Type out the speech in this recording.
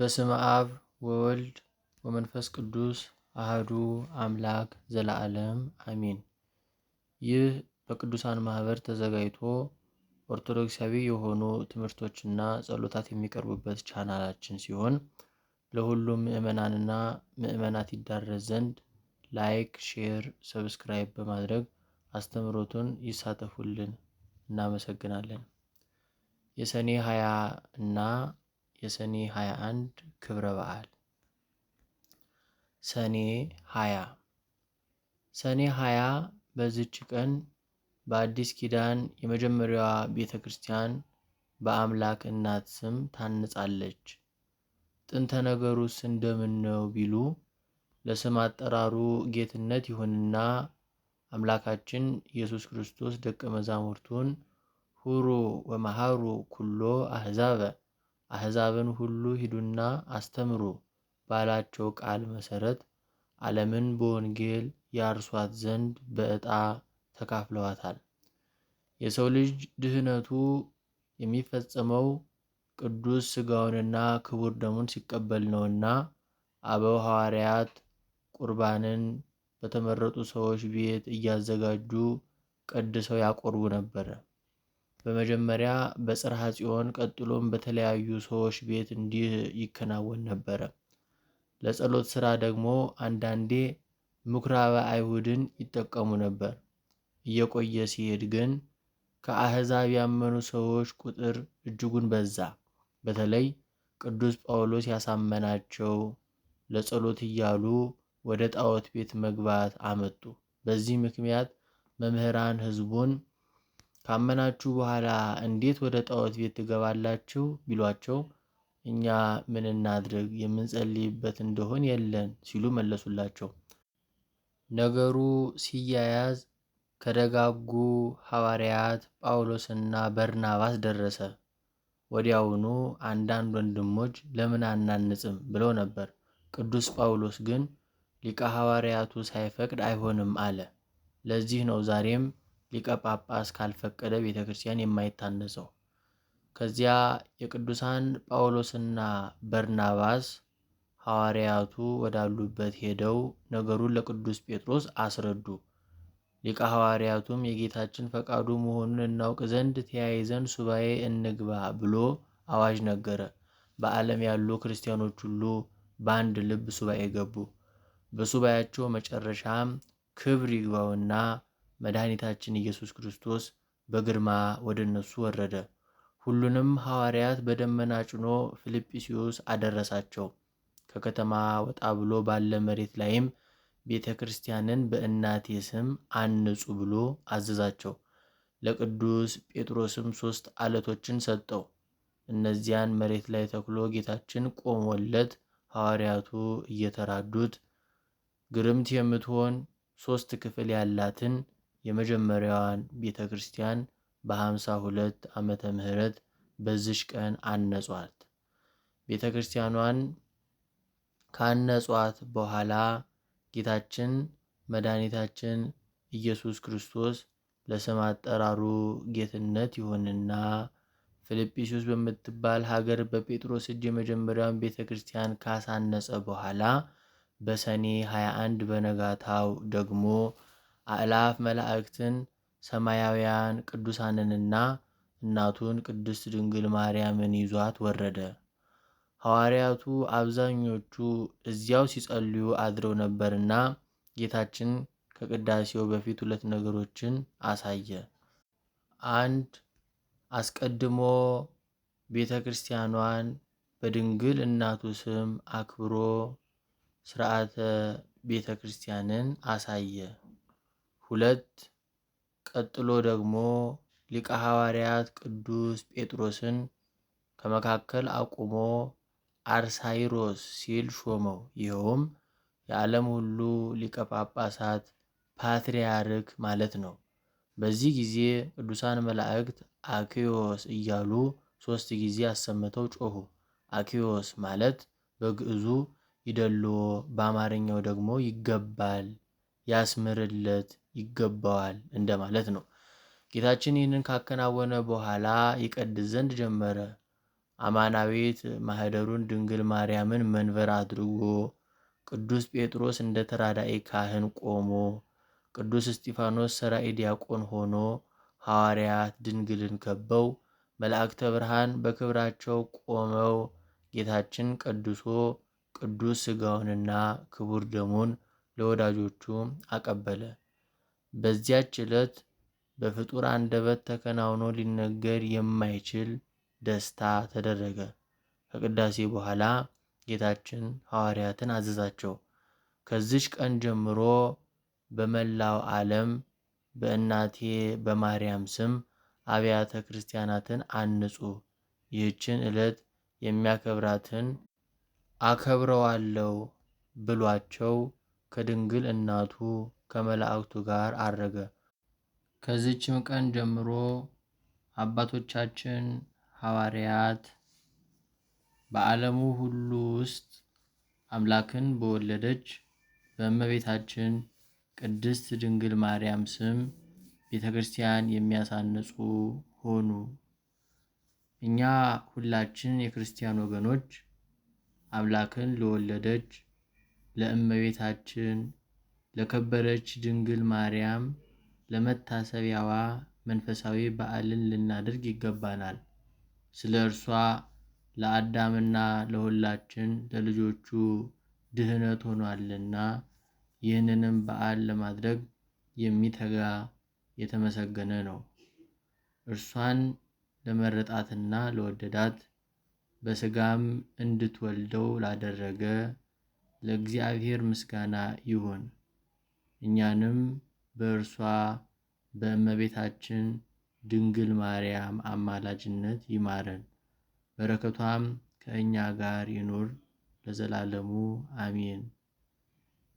በስመ አብ ወወልድ ወመንፈስ ቅዱስ አህዱ አምላክ ዘለዓለም አሚን። ይህ በቅዱሳን ማህበር ተዘጋጅቶ ኦርቶዶክሳዊ የሆኑ ትምህርቶችና ጸሎታት የሚቀርቡበት ቻናላችን ሲሆን ለሁሉም ምዕመናንና ምዕመናት ይዳረስ ዘንድ ላይክ፣ ሼር፣ ሰብስክራይብ በማድረግ አስተምሮቱን ይሳተፉልን። እናመሰግናለን። የሰኔ ሀያ እና የሰኔ 21 ክብረ በዓል ሰኔ 20 ሰኔ 20 በዚች ቀን በአዲስ ኪዳን የመጀመሪያዋ ቤተ ክርስቲያን በአምላክ እናት ስም ታንጻለች። ጥንተ ነገሩስ እንደምን ነው ቢሉ ለስም አጠራሩ ጌትነት ይሁንና አምላካችን ኢየሱስ ክርስቶስ ደቀ መዛሙርቱን ሁሩ ወመሃሩ ኩሎ አሕዛበ አሕዛብን ሁሉ ሂዱና አስተምሩ ባላቸው ቃል መሠረት ዓለምን በወንጌል ያርሷት ዘንድ በዕጣ ተካፍለዋታል። የሰው ልጅ ድህነቱ የሚፈጸመው ቅዱስ ሥጋውንና ክቡር ደሙን ሲቀበል ነውና አበው ሐዋርያት ቁርባንን በተመረጡ ሰዎች ቤት እያዘጋጁ ቀድሰው ያቆርቡ ነበር። በመጀመሪያ በጽርሐ ጽዮን ቀጥሎም በተለያዩ ሰዎች ቤት እንዲህ ይከናወን ነበረ። ለጸሎት ሥራ ደግሞ አንዳንዴ ምኵራበ አይሁድን ይጠቀሙ ነበር። እየቆየ ሲሄድ ግን ከአሕዛብ ያመኑ ሰዎች ቁጥር እጅጉን በዛ። በተለይ ቅዱስ ጳውሎስ ያሳመናቸው ለጸሎት እያሉ ወደ ጣዖት ቤት መግባት አመጡ። በዚህ ምክንያት መምህራን ሕዝቡን ካመናችሁ በኋላ እንዴት ወደ ጣዖት ቤት ትገባላችሁ? ቢሏቸው እኛ ምን እናድርግ የምንጸልይበት እንደሆን የለን ሲሉ መለሱላቸው። ነገሩ ሲያያዝ ከደጋጉ ሐዋርያት ጳውሎስና በርናባስ ደረሰ። ወዲያውኑ አንዳንድ ወንድሞች ለምን አናንጽም ብለው ነበር። ቅዱስ ጳውሎስ ግን ሊቀ ሐዋርያቱ ሳይፈቅድ አይሆንም አለ። ለዚህ ነው ዛሬም ሊቀ ጳጳስ ካልፈቀደ ቤተ ክርስቲያን የማይታነጸው። ከዚያ የቅዱሳን ጳውሎስና በርናባስ ሐዋርያቱ ወዳሉበት ሄደው ነገሩን ለቅዱስ ጴጥሮስ አስረዱ። ሊቀ ሐዋርያቱም የጌታችን ፈቃዱ መሆኑን እናውቅ ዘንድ ተያይዘን ሱባኤ እንግባ ብሎ አዋጅ ነገረ። በዓለም ያሉ ክርስቲያኖች ሁሉ በአንድ ልብ ሱባኤ ገቡ። በሱባኤያቸው መጨረሻም ክብር ይግባውና መድኃኒታችን ኢየሱስ ክርስቶስ በግርማ ወደ እነሱ ወረደ። ሁሉንም ሐዋርያት በደመና ጭኖ ፊልጵስዩስ አደረሳቸው። ከከተማ ወጣ ብሎ ባለ መሬት ላይም ቤተ ክርስቲያንን በእናቴ ስም አንጹ ብሎ አዘዛቸው። ለቅዱስ ጴጥሮስም ሦስት አለቶችን ሰጠው። እነዚያን መሬት ላይ ተክሎ ጌታችን ቆሞለት ሐዋርያቱ እየተራዱት ግርምት የምትሆን ሦስት ክፍል ያላትን የመጀመሪያዋን ቤተ ክርስቲያን በ52 ዓመተ ምህረት በዚች ቀን አነጿት። ቤተ ክርስቲያኗን ካነጿት በኋላ ጌታችን መድኃኒታችን ኢየሱስ ክርስቶስ ለስም አጠራሩ ጌትነት ይሁንና ፊልጵስዩስ በምትባል ሀገር በጴጥሮስ እጅ የመጀመሪያውን ቤተ ክርስቲያን ካሳነጸ በኋላ በሰኔ 21 በነጋታው ደግሞ አእላፍ መላእክትን ሰማያውያን ቅዱሳንንና እናቱን ቅድስት ድንግል ማርያምን ይዟት ወረደ። ሐዋርያቱ አብዛኞቹ እዚያው ሲጸልዩ አድረው ነበርና ጌታችን ከቅዳሴው በፊት ሁለት ነገሮችን አሳየ። አንድ አስቀድሞ ቤተ ክርስቲያኗን በድንግል እናቱ ስም አክብሮ ሥርዓተ ቤተ ክርስቲያንን አሳየ። ሁለት ቀጥሎ ደግሞ ሊቀ ሐዋርያት ቅዱስ ጴጥሮስን ከመካከል አቁሞ አርሳይሮስ ሲል ሾመው። ይኸውም የዓለም ሁሉ ሊቀ ጳጳሳት ፓትርያርክ ማለት ነው። በዚህ ጊዜ ቅዱሳን መላእክት አኪዮስ እያሉ ሦስት ጊዜ አሰምተው ጮኹ። አኪዮስ ማለት በግዕዙ ይደልዎ፣ በአማርኛው ደግሞ ይገባል፣ ያስምርለት ይገባዋል እንደማለት ነው። ጌታችን ይህንን ካከናወነ በኋላ ይቀድስ ዘንድ ጀመረ። አማናዊት ማህደሩን ድንግል ማርያምን መንበር አድርጎ ቅዱስ ጴጥሮስ እንደ ተራዳኤ ካህን ቆሞ ቅዱስ እስጢፋኖስ ሰራኤ ዲያቆን ሆኖ ሐዋርያት ድንግልን ከበው መላእክተ ብርሃን በክብራቸው ቆመው ጌታችን ቀድሶ ቅዱስ ሥጋውንና ክቡር ደሙን ለወዳጆቹ አቀበለ። በዚያች ዕለት በፍጡር አንደበት ተከናውኖ ሊነገር የማይችል ደስታ ተደረገ። ከቅዳሴ በኋላ ጌታችን ሐዋርያትን አዘዛቸው፣ ከዚች ቀን ጀምሮ በመላው ዓለም በእናቴ በማርያም ስም አብያተ ክርስቲያናትን አንጹ። ይህችን ዕለት የሚያከብራትን አከብረዋለሁ ብሏቸው ከድንግል እናቱ ከመላእክቱ ጋር አረገ። ከዚችም ቀን ጀምሮ አባቶቻችን ሐዋርያት በዓለሙ ሁሉ ውስጥ አምላክን በወለደች በእመቤታችን ቅድስት ድንግል ማርያም ስም ቤተ ክርስቲያን የሚያሳንጹ ሆኑ። እኛ ሁላችን የክርስቲያን ወገኖች አምላክን ለወለደች ለእመቤታችን ለከበረች ድንግል ማርያም ለመታሰቢያዋ መንፈሳዊ በዓልን ልናደርግ ይገባናል። ስለ እርሷ ለአዳምና ለሁላችን ለልጆቹ ድህነት ሆኗልና ይህንንም በዓል ለማድረግ የሚተጋ የተመሰገነ ነው። እርሷን ለመረጣትና ለወደዳት በሥጋም እንድትወልደው ላደረገ ለእግዚአብሔር ምስጋና ይሁን። እኛንም በእርሷ በእመቤታችን ድንግል ማርያም አማላጅነት ይማረን። በረከቷም ከእኛ ጋር ይኑር ለዘላለሙ አሜን።